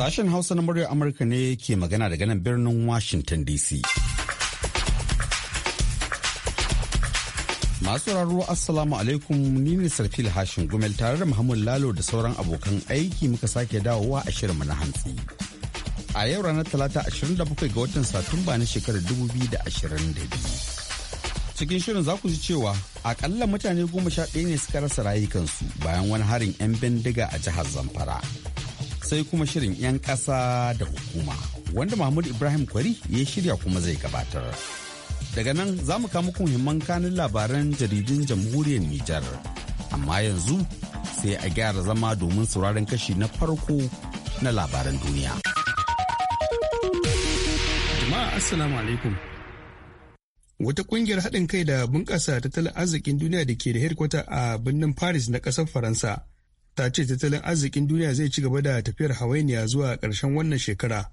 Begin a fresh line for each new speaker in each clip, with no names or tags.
Sashen Hausa na muryar Amurka ne ke magana daga nan birnin Washington DC. Masu raro Assalamu alaikum ni ne Sarfil Hashin Gumel tare da Muhammad Lalo da sauran abokan aiki muka sake dawowa a shirinmu na hantsi. A yau ranar Talata 27 ga watan Satumba na shekarar 2022. cikin shirin za ku ji cewa akalla mutane goma sha ɗaya ne suka rasa rayukansu bayan wani harin 'yan bindiga a jihar zamfara sai kuma shirin 'yan ƙasa da hukuma wanda mahmud ibrahim kwari ya shirya kuma zai gabatar daga nan za mu kama kuma muhimman kanin labaran jaridun jamhuriyar nijar amma yanzu sai a gyara zama domin sauraron kashi na
farko na labaran duniya jama'a assalamu alaikum wata kungiyar haɗin kai da bunƙasa tattalin arzikin duniya da ke da hedkwata a birnin paris na ƙasar faransa ta ce tattalin arzikin duniya zai ci gaba da tafiyar hawainiya zuwa ƙarshen wannan shekara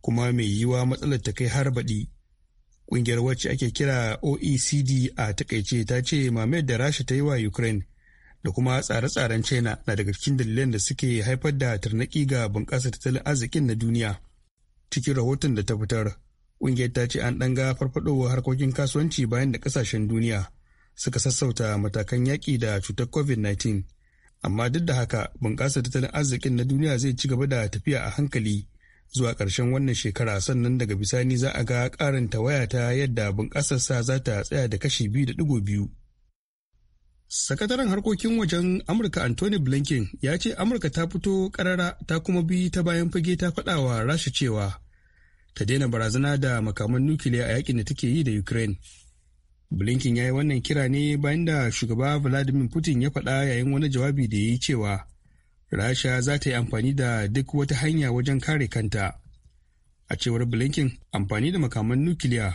kuma mai yiwuwa matsalar ta kai har baɗi ƙungiyar wacce ake kira oecd a takaice ta ce mamayar da rasha ta yi wa ukraine da kuma tsare-tsaren china na daga cikin dalilan da suke haifar da tarnaki ga bunƙasa tattalin arzikin na duniya cikin rahoton da ta fitar ƙungiyar ta ce an ɗan ga farfaɗowar harkokin kasuwanci bayan da ƙasashen duniya suka sassauta matakan yaƙi da cutar covid-19 amma duk da haka bunƙasa tattalin arzikin na duniya zai ci gaba da tafiya a hankali zuwa ƙarshen wannan shekara sannan daga bisani za a ga ƙarin tawaya ta yadda bunƙasarsa za ta tsaya da kashi biyu da ɗigo biyu. Sakataren harkokin wajen Amurka Anthony Blinken ya ce Amurka ta fito ƙarara ta kuma bi ta bayan fage ta faɗawa Rasha cewa ta daina barazana da makaman nukiliya a yakin da take yi da Ukraine. Blinken ya yi wannan kira ne bayan da shugaba Vladimir Putin ya faɗa yayin wani jawabi da ya yi cewa Rasha za ta yi amfani da duk wata hanya wajen kare kanta. A cewar Blinken, amfani da makaman nukiliya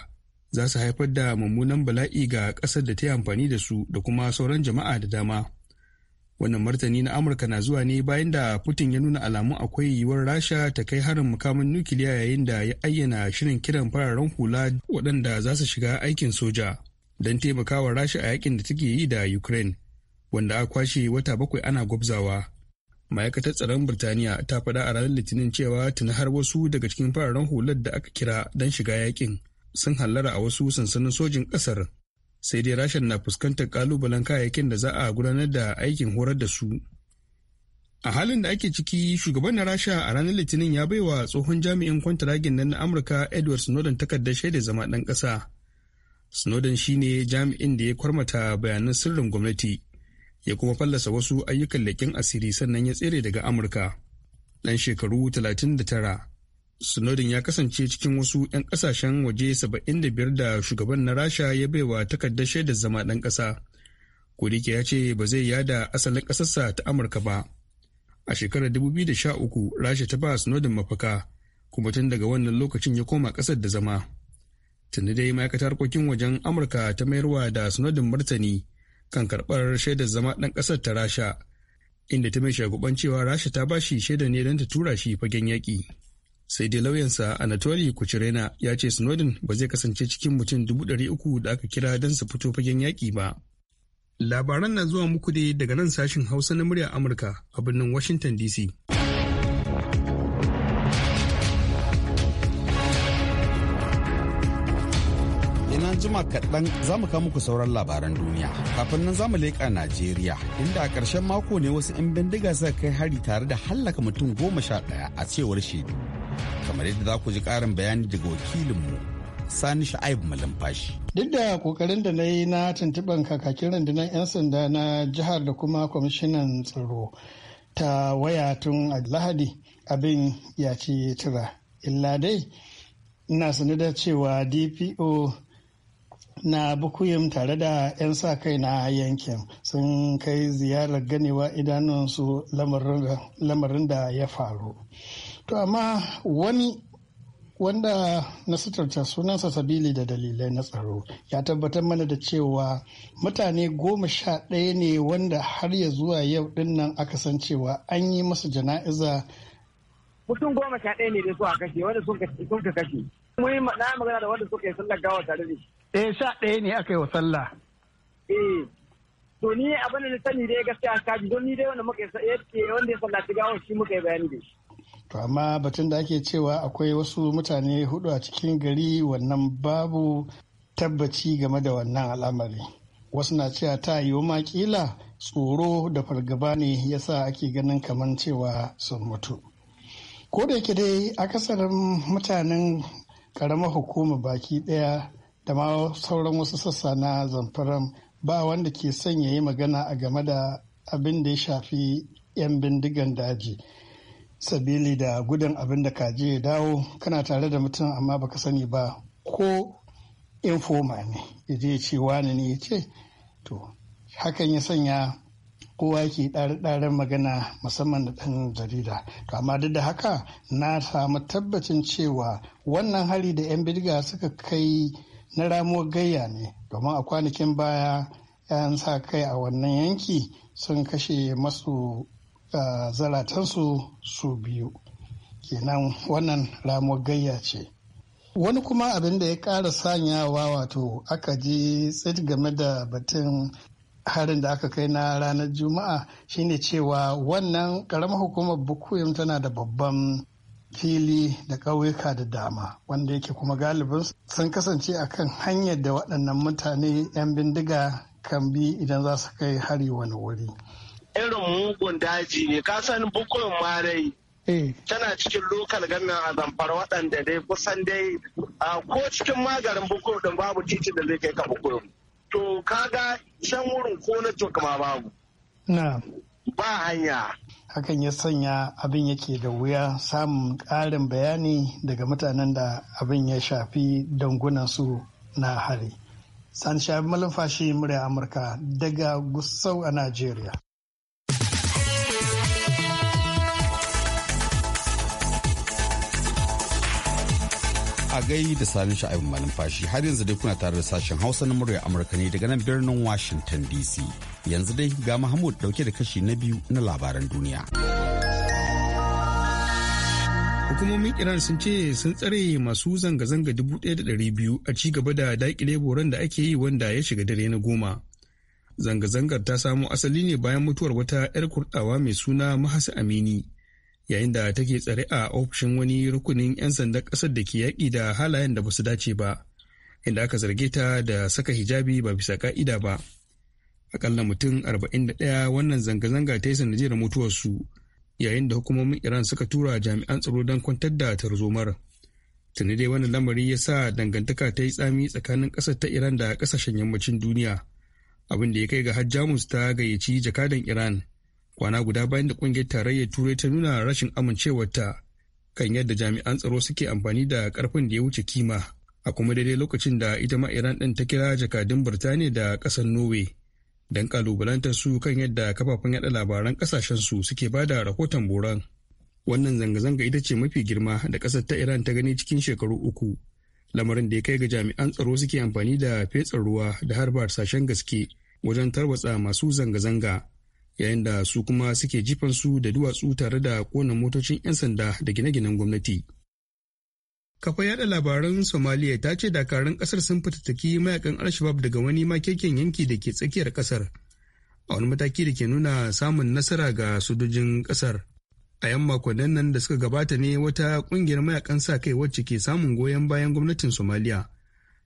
za su haifar da mummunan bala'i ga ƙasar da ta yi amfani da su da kuma sauran jama'a da dama. Wannan martani na Amurka na zuwa ne bayan da Putin ya nuna alamu akwai yiwuwar Rasha ta kai harin makaman nukiliya yayin da ya ayyana shirin kiran fararen hula waɗanda za su shiga aikin soja. don taimakawa rasha a yakin da take yi da ukraine wanda a kwashe wata bakwai ana gwabzawa ma'aikatar tsaron birtaniya ta faɗa a ranar litinin cewa tuni har wasu daga cikin fararen hular da aka kira don shiga yakin sun hallara a wasu sansanin sojin ƙasar sai dai rashin na fuskantar ƙalubalen kayayyakin da za a gudanar da aikin horar da su a halin da ake ciki shugaban na rasha a ranar litinin ya baiwa tsohon jami'in kwantaragin nan na amurka edward snowden takardar shaida zama ɗan ƙasa Snowden shine jami'in da ya kwarmata bayanan sirrin gwamnati ya kuma fallasa wasu ayyukan leƙen asiri sannan ya tsere daga Amurka. Ɗan shekaru 39, Snowden ya kasance cikin wasu 'yan ƙasashen waje 75 da shugaban na Rasha ya baiwa takardar shaidar zama ɗan ƙasa. Kodike ya ce ba zai yada asalin ƙasarsa ta Amurka ba. A shekarar 2013, Rasha ta ba Snowden mafaka, kuma tun daga wannan lokacin ya koma ƙasar da zama. tunda dai ma'aikatar harkokin wajen amurka ta mayarwa da sanadin martani kan karɓar shaidar zama ɗan ƙasar ta rasha inda ta mai shaguban cewa rasha ta bashi shaida ne don ta tura shi fagen yaƙi sai dai lauyansa anatoli kucherena ya ce snowden ba zai kasance cikin mutum dubu ɗari uku da aka kira don su fito fagen yaƙi ba labaran na zuwa muku dai daga nan sashin hausa na murya amurka a birnin washington dc
jima kaɗan za mu kawo muku sauran labaran duniya. Kafin nan za mu leƙa Najeriya, inda a ƙarshen mako ne wasu 'yan bindiga suka kai hari tare da hallaka mutum goma sha ɗaya a cewar shaidu. Kamar yadda za ku ji ƙarin bayani daga wakilinmu Sani Sha'aib Malumfashi.
Duk da kokarin da na yi na tuntuɓan kakakin rundunar 'yan sanda na jihar da kuma kwamishinan tsaro ta waya tun a Lahadi abin ya ci tura. Illa dai ina sanar da cewa DPO na bukuyim tare da 'yan sa kai na yankin sun kai ziyarar ganewa idanunsu lamarin da ya faru to amma wani wanda na suturta sunansa sabili da dalilai na tsaro ya tabbatar mana da cewa mutane goma sha ɗaya ne wanda har ya zuwa yau dinnan aka san cewa an yi masu jana'iza
mutum goma sha ɗaya ne da su a kashe wanda sun ka kashe
mun yi magana
da wanda suka yi sallar gawa tare da shi
e sha ɗaya ne aka yi wa sallah eh,
to ni abin da na sani dai gaskiya ji don ni dai wanda muka yi wanda ya sallaci shi muka yi
bayani da
to amma batun da ake cewa akwai wasu mutane hudu a cikin gari wannan babu tabbaci game da wannan al'amari wasu na cewa ta yiwu wa kila tsoro da fargaba ne yasa ake ganin kamar cewa sun mutu ko da yake dai akasarin mutanen karamar hukuma baki daya da ma sauran wasu sassa na zamfaran ba wanda ke sanya yi magana a game da abin da ya shafi 'yan bindigan daji sabili da gudan abin da kaji ya dawo kana tare da mutum amma baka sani ba ko infoma ne ya je ce wani ne ya ce to hakan ya sanya kowa ke ɗare-ɗaren magana musamman da ɗan jarida to amma duk da haka na samu tabbacin cewa wannan hari da 'yan bidiga suka kai na ramuwar gayya ne domin a kwanakin baya 'yan sa kai a wannan yanki sun kashe masu zaratansu su biyu kenan wannan ramuwar gayya ce wani kuma abin da ya ƙara sanyawa wato aka ji tsit game da batun harin da aka kai na ranar juma'a shine cewa wannan ƙaramar hukumar bukuyum tana da babban fili da ƙauyuka da dama wanda yake kuma galibin sun kasance a kan hanyar da waɗannan mutane 'yan bindiga kan bi idan za su kai hari wani wuri.
irin mugun daji ne kasan bukurin marai eh. tana cikin lokal gannan a zamfara waɗanda dai kusan dai ko
cikin magarin bukurin din babu titi da zai kai ka bukurin to kaga shan wurin
ko na to ma babu ba hanya
hakan ya sanya abin yake da wuya samun ƙarin bayani daga mutanen da abin ya shafi su na hari. Sani Shabi Malumfashi murya Amurka daga Gusau a Najeriya.
a gai da sami sha'ayin malumfashi har yanzu dai kuna tare da sashen hausa na murya amurka ne daga nan birnin washington dc Yanzu dai ga Mahmud dauke da kashi na biyu na labaran duniya.
Hukumomin Iran sun ce sun tsare masu zanga-zanga 1,200 a ci gaba da daƙile boron da ake yi wanda ya shiga dare na goma. Zanga-zangar ta samo asali ne bayan mutuwar wata 'yar kurɗawa mai suna Mahasa Amini. yayin da take tsare a ofishin wani rukunin 'yan sandan ƙasar da ke yaƙi da halayen da ba su dace ba inda aka zarge ta da saka hijabi ba bisa ƙa'ida ba akalla mutum arba'in da ɗaya wannan zanga-zanga ta yi sanadiyar mutuwarsu yayin da hukumomin iran suka tura jami'an tsaro don kwantar da tarzomar tuni dai wannan lamari ya sa dangantaka ta yi tsami tsakanin ƙasar ta iran da ƙasashen yammacin duniya abin da ya kai ga har jamus ta gayyaci jakadan iran kwana guda bayan da ƙungiyar tarayyar turai ta nuna rashin amincewarta kan yadda jami'an tsaro suke amfani da ƙarfin da ya wuce kima a kuma daidai lokacin da ita ma iran ɗin ta kira jakadun birtaniya da ƙasar norway don kalubalantar su kan yadda kafafen yada labaran kasashen su suke bada rahoton boran wannan zanga-zanga ita ce mafi girma da ƙasar ta iran ta gani cikin shekaru uku lamarin da ya kai ga jami'an tsaro suke amfani da fetsar ruwa da harba sashen gaske wajen tarwatsa masu zanga-zanga yayin da su kuma suke jifan su da duwatsu tare da kona motocin 'yan sanda da gine-ginen gwamnati kafa yada labaran somaliya ta ce dakarun kasar sun fitattaki mayakan alshabab daga wani makeken yanki da ke tsakiyar kasar a wani mataki da ke nuna samun nasara ga sojojin kasar a yan makonnin nan da suka gabata ne wata kungiyar mayakan sa kai wacce ke samun goyon bayan gwamnatin somaliya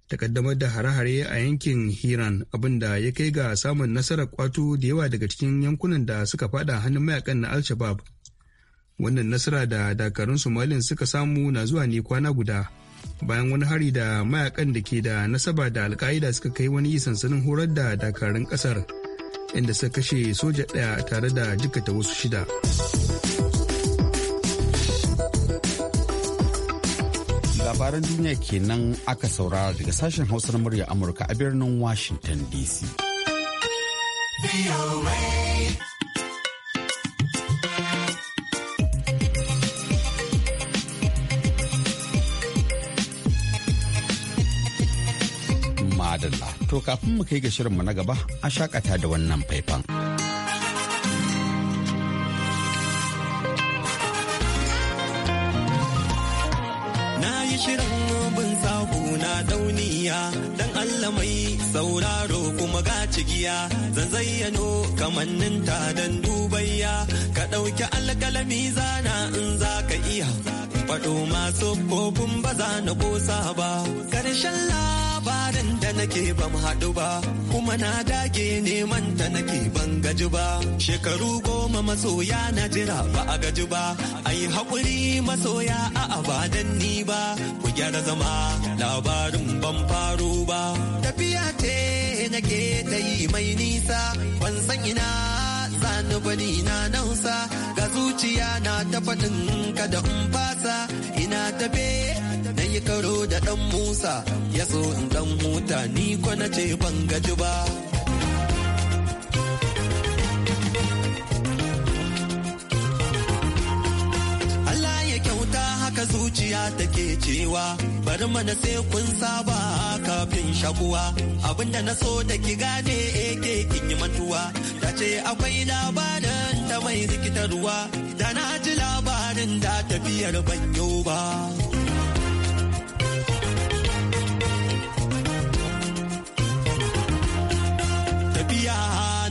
ta kaddamar da hare-hare a yankin hiran abinda ya kai ga samun nasarar kwato da yawa daga cikin yankunan da suka fada hannun mayakan na Alshabab. wannan nasara da dakarun somalin suka samu na zuwa ne kwana guda bayan wani hari da mayakan da ke da nasaba da alka'ida suka kai wani sansanin horar da dakarun kasar inda suka kashe soja ɗaya tare da jikata wasu shida labaran duniya kenan
aka saurara daga sashen hausa na murya amurka a birnin washington dc To kafin mu kai ga shirinmu na gaba a shakata da wannan faifan.
Na shirin sahu na dan Allah mai sauraro kuma ga cigiya zan zayyano kamanninta dan dubayya ɗauki alkalami zana in za ka iya faɗo masu kofin ba za na ƙosa ba ƙarshen labarin da nake ban haɗu ba kuma na dage neman ta nake ban gaji ba shekaru goma masoya na jira ba a gaji ba yi haƙuri masoya a abadan ni ba ku gyara zama labarin ban faro ba tafiya ce nake ta yi mai nisa ban san ina tsani bani na nausa ga zuciya na ta faɗin kada in fasa ina tafe na yi karo da ɗan musa ya so in ɗan huta ni ko na ce ban gaji ba. ta zuciya take cewa bari mana sai kun saba kafin shakuwa abinda na so da ki gane eke eh, kin yi mantuwa ta ce akwai labarin ta mai rikitarwa da na ji labarin da tafiyar banyo ba tafiya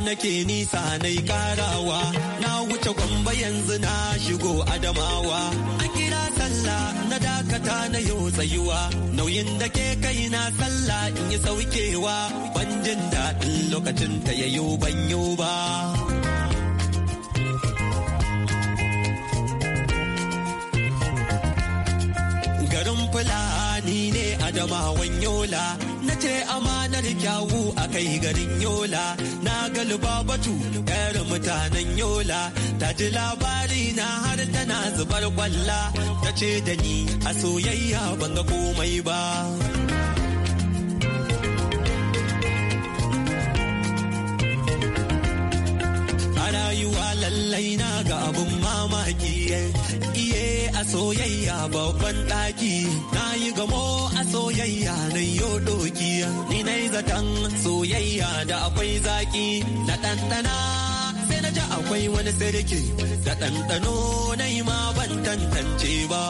nake nisa na karawa na wuce gwamba yanzu na shigo adamawa a kira sallah na dakata na yau tsayuwa nauyin da ke kai na sallah in yi saukewa ban jin daɗin lokacin ta yayo ban yi ba garin fula adamawan yola na ce amanar kyawu a kai garin yola na ga lubabatu yar mutanen yola ta ji labari na har tana zubar kwalla ta ce da ni a soyayya ban ga komai ba rayuwa lallai na ga abun mamaki iye a soyayya babban ɗaki na yi gamo a soyayya na yo doki ni na zaton soyayya da akwai zaki na ɗanɗana sai na ji akwai wani sarki da ɗanɗano na yi ma ban tantance ba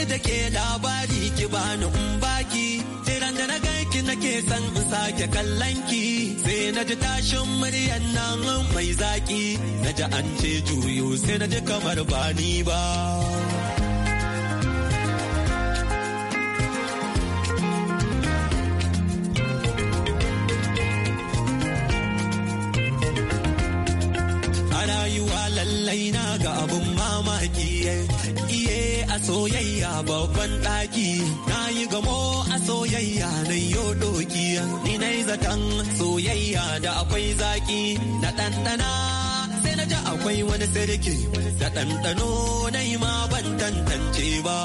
haɗu da ke labari ki bani in baki tiran da na ganki nake san in sake kallon ki sai na ji tashin muryan nan mai zaki na ji an ce juyo sai na ji kamar ba ni ba a rayuwa lallai na ga abun soyayya babban ɗaki na yi gamo a soyayya na yo doki ni na zaton soyayya da akwai zaki na ɗanɗana sai na ji akwai wani sarki da ɗanɗano na yi ma ban tantance ba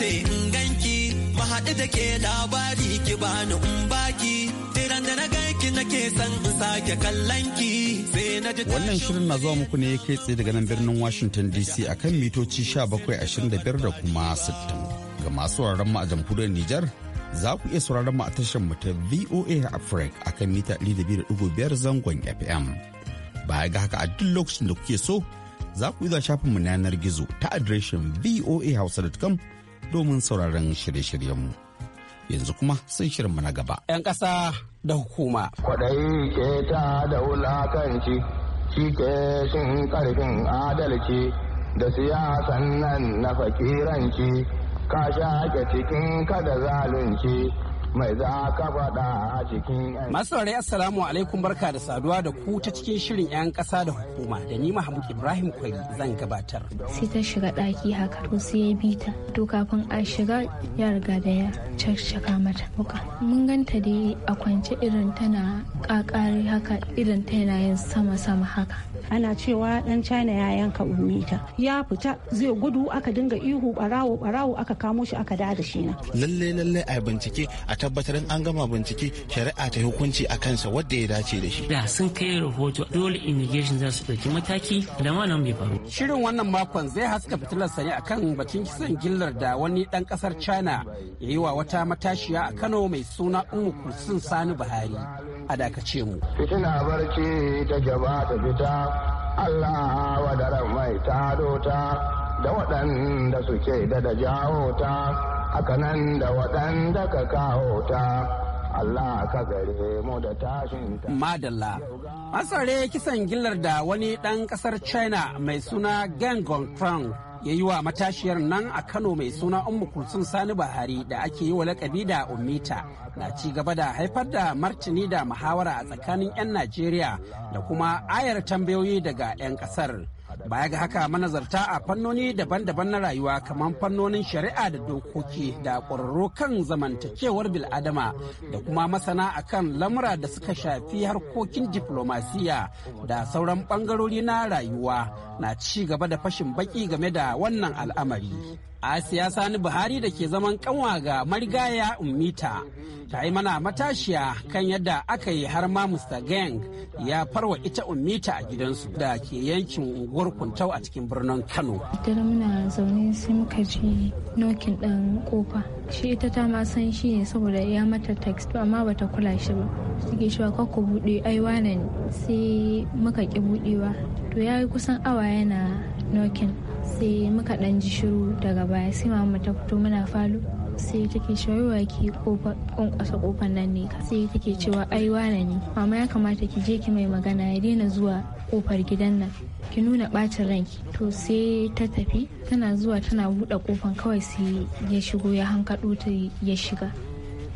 ce in ganki mahaɗu da ke labari ki bani in baki nake san in kallon ki Wannan
shirin na zuwa muku ne kai tsaye daga nan birnin Washington DC akan mitoci 1725 da kuma 60. Ga masu sauraron mu a jamhuriyar Nijar za ku iya sauraron mu a tashar mu ta VOA Africa akan mita 200.5 zangon FM. Baya ga haka a duk lokacin da kuke so za ku iya shafin mu na yanar gizo ta adireshin voahausa.com domin sauraron shirye-shiryenmu. mu. yanzu kuma sun shirinmu na gaba.
'Yan
ƙasa da hukuma. Kwaɗayi ke ta da wulakanci, shi ke shin ƙarfin adalci da siyasan nan na fakiranci, ka shaƙe cikin kada zalunci. masu
saurari assalamu alaikum barka da saduwa da ku ta cikin shirin 'yan ƙasa da hukuma da ni mahmud ibrahim kwari zan gabatar sai
ta shiga ɗaki haka to sai ya bi ta to kafin a shiga ya riga da ya caccaka mata muka mun ganta dai a kwance irin tana ƙaƙari haka irin ta yana yin sama sama haka
ana cewa dan china ya yanka umita ya fita zai gudu aka dinga ihu barawo barawo aka kamo shi aka da shi na
lalle lalle a bincike a tabbatar an gama bincike shari'a ta hukunci a kansa wadda ya dace da shi.
Da sun kai rahoto dole immigration za su ɗauki mataki da wannan bai faru.
Shirin wannan
makon zai haska fitilar sani kan bakin kisan gillar da wani ɗan ƙasar China ya yi wa wata matashiya a Kano mai suna Ummu Kulsun Sani Buhari. A dakace
mu. Fitina barci ta gaba ta fita Allah wadaran mai ta da waɗanda suke da da jawo ta haka nan da waɗanda ka kawo ta Allah ka gare mu da tashin ta.
Madalla. Masare kisan gillar da wani ɗan ƙasar China mai suna Geng crown ya yi wa matashiyar nan a Kano mai suna Ummu Kulsun Sani Buhari da ake yi wa lakabi da Umita na ci gaba da haifar da martini da muhawara a tsakanin 'yan Najeriya da kuma ayar tambayoyi daga 'yan ƙasar. Baya ga haka manazarta a fannoni daban-daban na rayuwa kamar fannonin shari'a da dokoki da ƙwararru kan zamantakewar bil'adama da kuma masana akan lamura da suka shafi harkokin diflomasiya da sauran ɓangarori na rayuwa na ci gaba da fashin baki game da wannan al'amari. Asiya Sani Buhari da ke zaman kanwa ga marigaya Ummita ta yi mana matashiya kan yadda aka yi har ma Mr. Gang ya farwa ita Ummita a gidansu da ke yankin unguwar Kuntau a cikin birnin Kano.
Dare muna zaune sai muka ji nokin ɗan kofa. Shi ita ta ma san shi ne saboda ya mata text amma bata kula shi ba. Suke shi ka ku buɗe ai wane sai muka ki buɗewa. To ya yi kusan awa yana nokin. sai muka ɗan ji shiru daga baya sai mama ta fito muna falo sai take cewa ki kwankwasa kofan nan ne sai take cewa ai wane ne mama ya kamata ki je ki mai magana ya daina zuwa kofar gidan nan ki nuna bacin ranki to sai ta tafi tana zuwa tana bude kofan kawai sai ya shigo ya hankaɗo ta ya shiga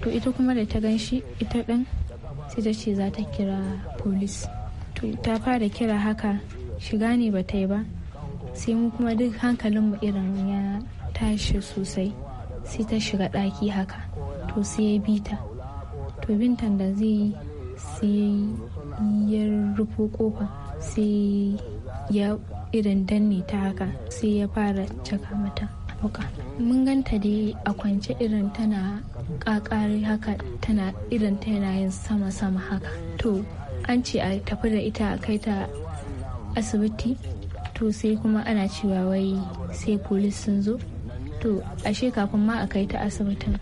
to ita kuma da ta ganshi ita ɗin sai ta ce za ta kira polis to ta fara kira haka shiga ne ba ta yi ba sai mu kuma duk hankalinmu irin ya tashi sosai sai ta shiga ɗaki haka to sai ya bi ta to bintan da zai sai ya rufo kofa sai ya irin danne ta haka sai ya fara caka mata muka mun ganta da a kwance irin tana kakari haka tana irin ta yin sama-sama haka to an ce a tafi da ita a kai ta asibiti to sai kuma ana cewa wai sai polis sun zo to ashe kafin ma a kai ta asibitin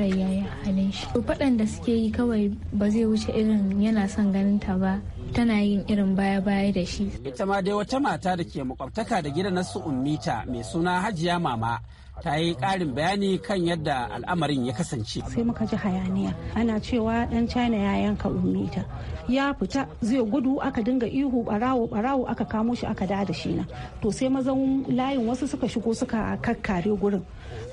rai yi halin shi to faɗan da suke yi kawai ba zai wuce irin yana son ganin ta ba tana yin irin baya-baya da shi.
Ita ma dai wata mata da ke makwabtaka da gidan nasu ummita mai suna Hajiya Mama ta yi ƙarin bayani kan yadda al'amarin ya kasance.
Sai muka ji hayaniya ana cewa ɗan China ya yanka umita ya fita zai gudu aka dinga ihu barawo barawo aka kamo shi aka da shi na to sai mazan layin wasu suka shigo suka kakkare gurin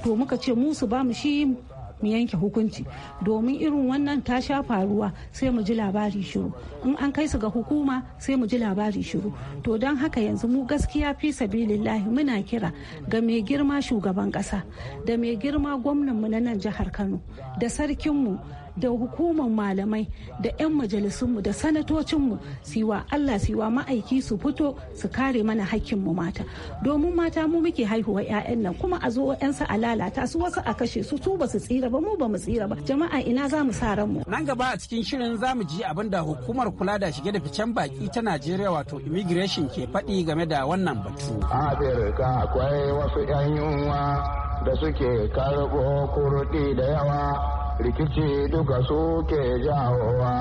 to muka ce musu su ba mu shi mu yanke hukunci domin irin wannan ta sha faruwa sai mu ji labari shiru in an kai su ga hukuma sai mu ji labari shiru to don haka yanzu mu gaskiya fi sabilillahi muna kira ga mai girma shugaban kasa da mai girma gwamnan mu na nan jihar Kano da sarkin mu da hukumar malamai da 'yan majalisunmu da sanatocinmu siwa Allah siwa ma'aiki su fito su kare mana hakkinmu mata domin mata mu muke haihuwa 'ya'yan nan kuma a zo 'yansa a lalata su wasu a kashe su su ba su tsira ba mu ba mu tsira ba jama'a ina za mu sa mu. nan
gaba a cikin shirin za mu ji abin da hukumar kula da shige da ficen baki ta najeriya wato immigration ke faɗi game da wannan batu.
afirka akwai wasu 'yan yunwa da suke karɓo kurɗi da yawa rikici duka suke jawowa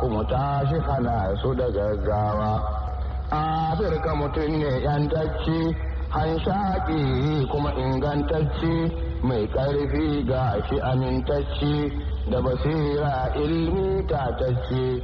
kuma shi hana su da gaggawa afirka mutum ne 'yan yantacci shaƙi kuma ingantacci mai ƙarfi ga shi amintacci da basira ilmi tatacci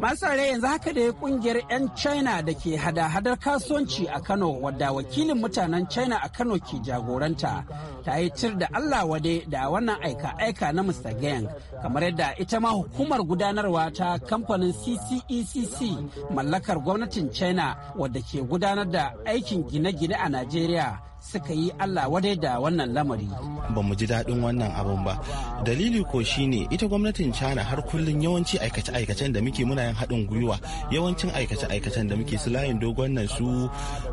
masu yanzu haka da kungiyar 'yan china da ke hada-hadar kasuwanci a kano wadda wakilin mutanen china a kano ke jagoranta ta yi tir da allah wade da wannan aika-aika na mr gang kamar yadda ita ma hukumar gudanarwa ta kamfanin ccecc e mallakar gwamnatin china wadda ke gudanar da aikin gine-gine a nigeria.
suka yi Allah wadai da wannan lamari. Ba mu ji daɗin wannan abun ba. Dalili ko shi ne ita gwamnatin China har kullum yawanci aikace-aikacen da muke muna yin haɗin gwiwa yawancin aikace-aikacen da muke su layin dogon nan su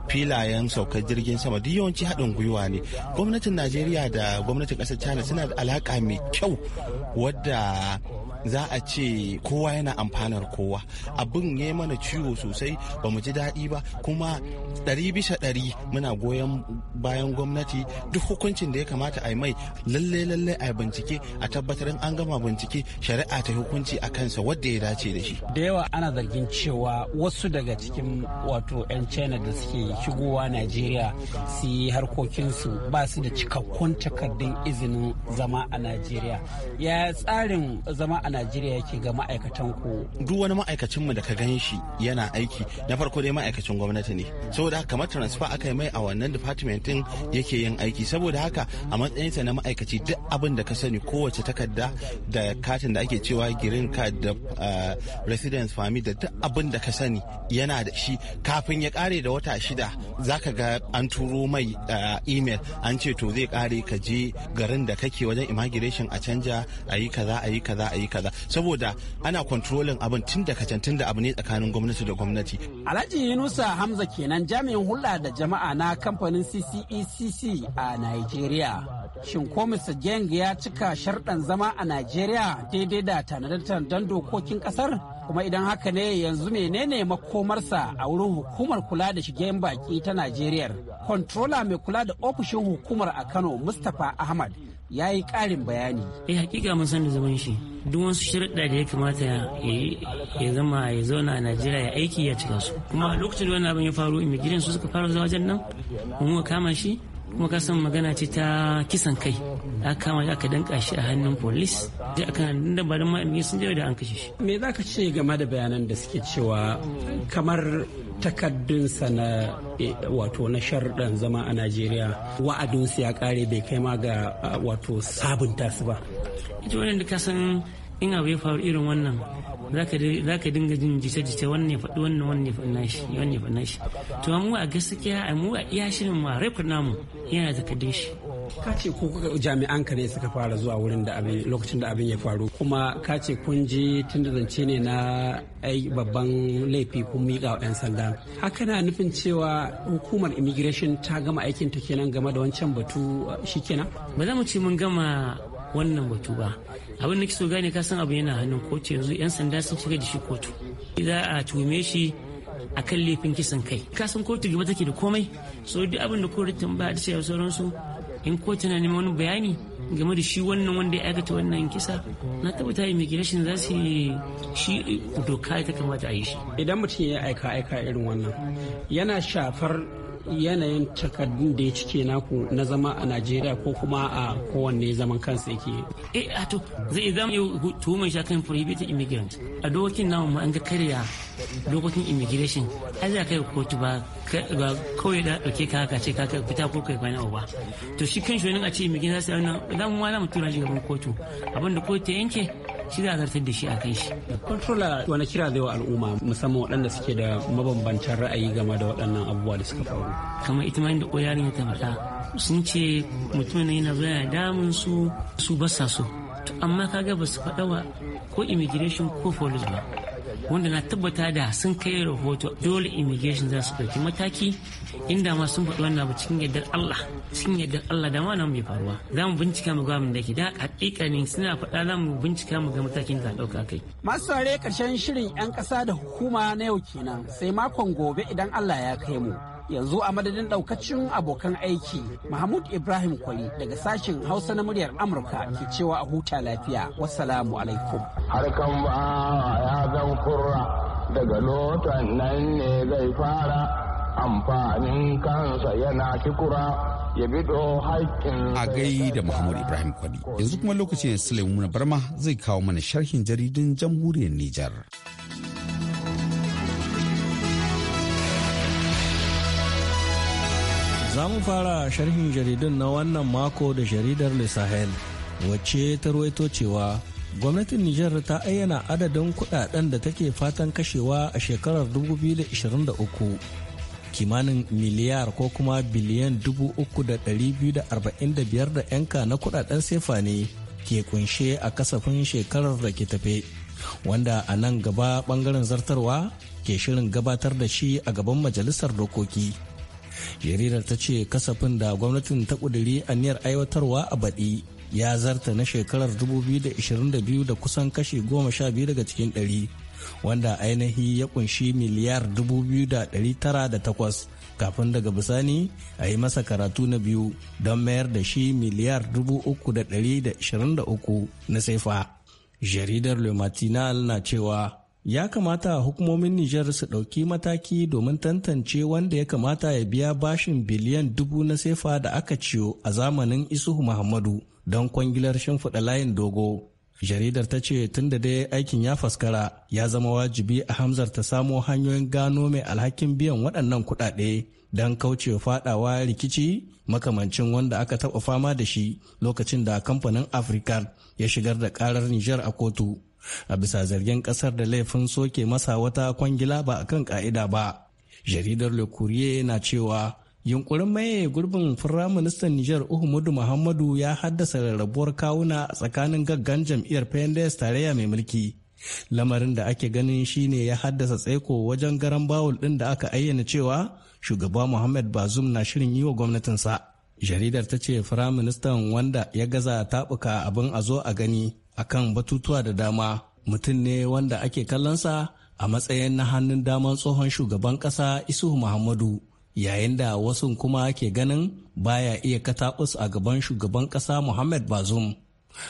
filayen saukar jirgin sama duk yawanci haɗin gwiwa ne. Gwamnatin Najeriya da gwamnatin ƙasar China suna da alaƙa mai kyau wadda za a ce kowa yana amfanar kowa abin ya mana ciwo sosai ba mu ji daɗi ba kuma ɗari bisa ɗari muna goyon bayan gwamnati duk hukuncin da ya kamata a yi mai lalle lalle a bincike a tabbatar an gama bincike shari'a ta hukunci a kansa wadda ya dace da shi
da yawa ana zargin cewa wasu daga cikin wato 'yan china da suke shigowa najeriya su yi harkokinsu ba su da cikakkun takardun izinin zama a najeriya ya tsarin zama a Najeriya yake ga ma'aikatan ku?
Duk wani ma'aikacin mu da ka gan shi yana aiki na farko dai ma'aikacin gwamnati ne. Saboda haka kamar transfer aka yi mai a wannan department din yake yin aiki saboda haka a matsayinsa na ma'aikaci duk abin da ka sani kowace takarda da katin da ake cewa green card da ah, residence permit da duk abin da ka sani yana da shi kafin ya kare da wata shida zaka ga an turo mai ah, email an ce to zai kare ka je garin da kake wajen immigration a canja a yi kaza a yi kaza a yi kaza kaza saboda ana kontrolin abin tun da kacan tun da abu ne tsakanin gwamnati da gwamnati
alhaji yunusa hamza kenan jami'in hulɗa da jama'a na kamfanin ccecc e a nigeria shin ko mr geng ya cika sharɗan zama a nigeria daidai da tanadar dokokin ƙasar kuma idan haka ne yanzu menene makomarsa a wurin hukumar kula da shigen baki ta Najeriya. Kontrola mai kula da ofishin hukumar a Kano Mustapha Ahmad ya yi ƙarin bayani. Eh hakika
mun san da zaman shi duk wasu shirɗa da ya kamata ya zama ya zauna a Najeriya ya aiki ya cika su. Kuma lokacin da wannan abin ya faru immigiran su suka fara zuwa wajen nan mun kama shi kuma ka san magana ce ta kisan kai a kama ya ka danka shi a hannun polis da aka da ba ma sun je da an kashe shi
me za ka ce game da bayanan da suke cewa kamar takaddunsa na eh, wato na sharɗan zama a najeriya su ya kare bai kai ma ga ah, wato sabunta su ba
ita wannan da ka san in abu ya faru irin wannan za ka dinga jin jita-jita wannan faɗi wannan wannan faɗi nashi wannan faɗi shi to mu a gaskiya a mu a iya shirin ma rekord namu yana da ka shi
ka ce ko jami'an ka ne suka fara zuwa wurin da abin lokacin da abin ya faru kuma ka ce kun je tun da zance ne na babban laifi kun miƙa wa 'yan sanda haka na nufin cewa hukumar immigration ta gama aikin
ta kenan game da wancan batu shi ba za mu ce mun gama wannan batu ba abin da so gane kasan abu yana hannun kotu yanzu yan sanda sun shiga da shi kotu za a tume shi a kan laifin kisan kai kasan kotu gaba take da komai so duk abin da kotun ba da sauran su in kotu na neman wani bayani game da shi wannan wanda ya aikata wannan kisa na tabbata mai immigration za su shi doka ta kamata a yi shi idan
mutum ya aika aika irin wannan yana shafar yanayin takardun da ya cike naku na zama a najeriya ko kuma a kowanne zaman kansa yake
eh a to zai zama yau tuhumar shi akan prohibited immigrant a dokokin namu an ga karya dokokin immigration ai za ka yi kotu ba ba kawai da dauke ka ka ce ka ka fita ko kai kwana ba to shi kan shi a ce immigrant za su yi wannan za mu ma za mu tura shi gaban kotu abinda kotu ta yanke shi za a zartar da shi a kai shi. Controller wani kira zai wa al'umma musamman waɗanda suke da
mabambantan ra'ayi game da waɗannan abubuwa da suka faru.
Kamar ita ma yadda ƙoyarin ta faɗa sun ce mutumin yana zuwa damun su su basa su amma kaga ba su faɗa wa ko immigration ko police ba wanda na tabbata da sun kai rahoto dole immigration za su ɗauki mataki inda ma sun faɗi wannan abu cikin yardar Allah cikin yardar Allah da ma nan bai faruwa za mu bincika mu ga da ke da haƙiƙa ne suna faɗa za mu bincika mu ga matakin da ɗauka kai.
Masu sare ƙarshen shirin 'yan ƙasa da hukuma na yau kenan sai makon gobe idan Allah ya kai mu. yanzu a madadin daukacin abokan aiki mahmud ibrahim kwari daga sashen hausa na muryar amurka ke cewa a huta lafiya wassalamu alaikum
harkan ba ya zan kurra daga lotan nan ne zai fara amfanin kansa yana kikura ya a gai
da Muhammad Ibrahim Kwadi yanzu kuma lokacin da na Barma zai kawo mana sharhin jaridun jamhuriyar Nijar.
Za mu fara sharhin jaridun na wannan mako da jaridar Le Sahel, wacce ta ruwaito cewa gwamnatin Nijar ta ayyana adadin kudaden da take fatan kashewa a shekarar 2023 kimanin miliyar ko kuma biliyan 3,245 da yanka na kudaden sefa ne ke kunshe a kasafin shekarar da ke tafe wanda a nan gaba bangaren zartarwa ke shirin gabatar da shi a gaban majalisar dokoki. jaridar ta ce kasafin da gwamnatin ta ƙudiri aniyar aiwatarwa a baɗi ya zarta na shekarar 2022 da kusan kashi 12 daga cikin 100 wanda ainihi ya kunshi miliyar 2,908 kafin daga bisani a yi masa karatu na biyu don mayar da shi miliyar 3,323 na saifa jaridar le matinal na cewa ya kamata hukumomin Nijar su ɗauki mataki domin tantance wanda ya kamata ya biya bashin biliyan dubu na sefa da aka ciyo a zamanin Isuhu Muhammadu don kwangilar shimfiɗa layin dogo. Jaridar ta ce tun da dai aikin ya faskara ya zama wajibi a Hamzar ta samo hanyoyin gano mai alhakin biyan waɗannan kuɗaɗe don kauce faɗawa rikici makamancin wanda aka taɓa fama da shi lokacin da kamfanin afirka ya shigar da ƙarar Nijar a kotu. a bisa zargin kasar da laifin soke masa wata kwangila ba a kan ka'ida ba jaridar le courrier na cewa yunkurin maye gurbin firaministan nijar uhumudu muhammadu ya haddasa rarrabuwar kawuna a tsakanin gaggan jam'iyyar pendes tarayya mai mulki lamarin da ake ganin shine ya haddasa tsaiko wajen garan bawul ɗin da aka ayyana cewa shugaba muhammad bazum na shirin yi wa gwamnatinsa jaridar ta ce firaministan wanda ya gaza taɓuka abin a zo a gani akan batutuwa da dama mutum ne wanda ake kallonsa a matsayin na hannun daman tsohon shugaban ƙasa isuhu muhammadu yayin da wasu kuma ke ganin baya iya kataɓus a gaban shugaban ƙasa muhammad bazum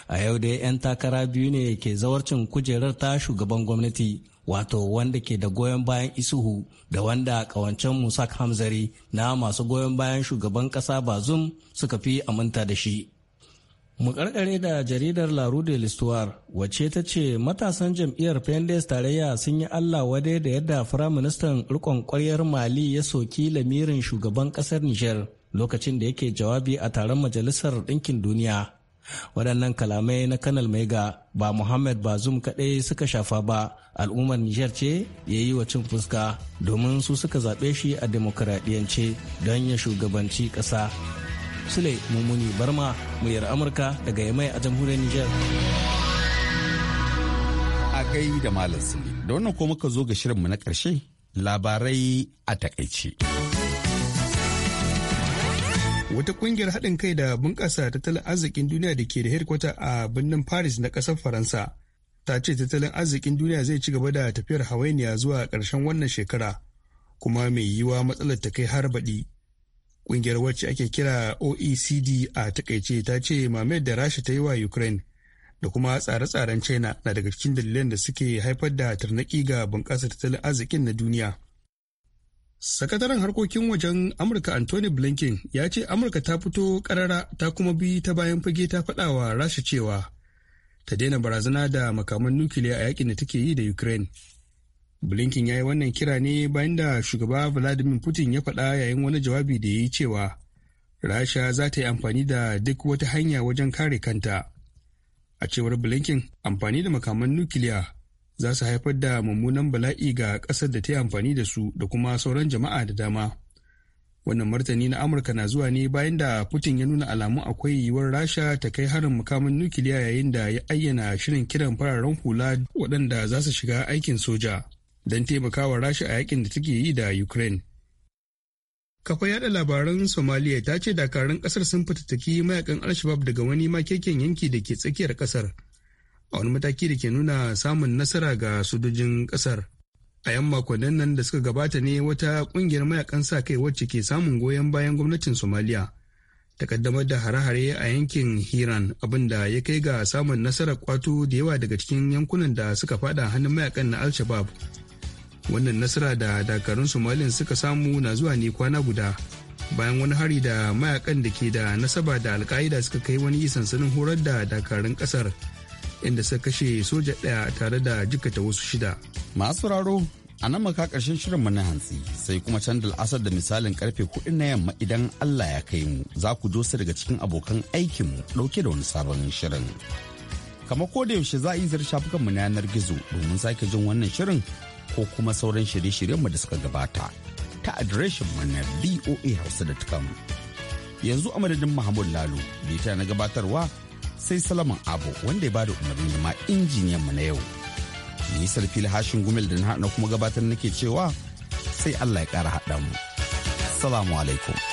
a yau da 'yan takara biyu ne ke zawarcin kujerar ta shugaban gwamnati wato wanda ke da goyon bayan isuhu da wanda kawancen musak hamzari na masu goyon bayan shugaban kasa bazum suka fi aminta da shi Mu karkare da jaridar laru de l'Histoire wacce ta ce matasan jam'iyyar Pendes tarayya sun yi Allah wade da yadda firaministan rikon kwaryar Mali ya soki lamirin shugaban kasar niger lokacin da yake jawabi a taron Majalisar Ɗinkin Duniya. Waɗannan kalamai na Kanal Mega ba Muhammad Bazum kaɗai suka shafa ba al'ummar niger ce ya yi wa cin fuska domin su suka zaɓe shi a demokradiyance don ya shugabanci ƙasa. Sule Mummuni Barma muryar Amurka daga Yamai a jamhuriyar niger.
A gai da Malam Sule, da wannan ko muka zo ga shirinmu na ƙarshe
labarai a takaice. Wata kungiyar haɗin kai da bunƙasa tattalin arzikin duniya da ke da herkwata a birnin Paris na ƙasar Faransa ta ce tattalin arzikin duniya zai ci gaba da tafiyar hawainiya zuwa ƙarshen wannan shekara kuma mai yiwuwa matsalar ta kai har baɗi. Ƙungiyar wacce ake kira OECD a takaice ta ce mamayar da Rasha ta yi wa Ukraine da kuma tsare-tsaren China na daga cikin dalilan da suke haifar da tarnaki ga bunƙasar tattalin arzikin na duniya. Sakataren harkokin wajen Amurka Anthony Blinken ya ce Amurka ta fito karara ta kuma bi ta bayan fage ta faɗawa Rasha cewa ta daina barazana da makaman nukiliya a yakin da take yi da Ukraine. Blinken ya yi wannan kira ne bayan da shugaba Vladimir Putin ya faɗa yayin wani jawabi da ya yi cewa Rasha za ta yi amfani da duk wata hanya wajen kare kanta. A cewar Blinken, amfani da makaman nukiliya za su haifar da mummunan bala'i ga ƙasar da ta yi amfani da su da kuma sauran jama'a da dama. Wannan martani na Amurka na zuwa ne bayan da Putin ya nuna alamu akwai yiwuwar Rasha ta kai harin makaman nukiliya yayin da ya ayyana shirin kiran fararen hula waɗanda za su shiga aikin soja. don taimakawa rasha a yakin da take yi da ukraine kafa yada labaran somaliya ta ce dakarun kasar sun fitattaki mayakan alshabab daga wani makeken yanki da ke tsakiyar kasar a wani mataki da ke nuna samun nasara ga sojojin kasar a yan makonnin nan da suka gabata ne wata kungiyar mayakan sa kai wacce ke samun goyon bayan gwamnatin somaliya ta kaddamar da hare-hare a yankin hiran abinda ya kai ga samun nasarar kwato da yawa daga cikin yankunan da suka fada hannun mayakan na alshabab. wannan nasara da dakarun somalin suka samu na zuwa ne kwana guda bayan wani hari da mayakan da ke da nasaba da alka'ida suka kai wani sansanin horar da dakarun kasar inda suka kashe soja ɗaya tare da jikata wasu shida masu raro a nan maka
ƙarshen shirinmu na hantsi sai kuma can da asar da misalin karfe kuɗi na yamma idan allah ya kai mu za ku dosa daga cikin abokan aikin mu ɗauke da wani sabon shirin kama ko da yaushe za a yi zar shafukanmu na yanar gizo domin sake jin wannan shirin ko kuma sauran shirye-shiryenmu da suka gabata ta adireshin mu na voahausa.com. Yanzu a madadin Mahmud lalu da na gabatarwa sai Salaman Abu wanda ya ba da umarni da ma injiniyan mu na yau. Ni sarfil hashin gumel da na kuma gabatar nake cewa sai Allah ya ƙara haɗa mu. Salamu alaikum.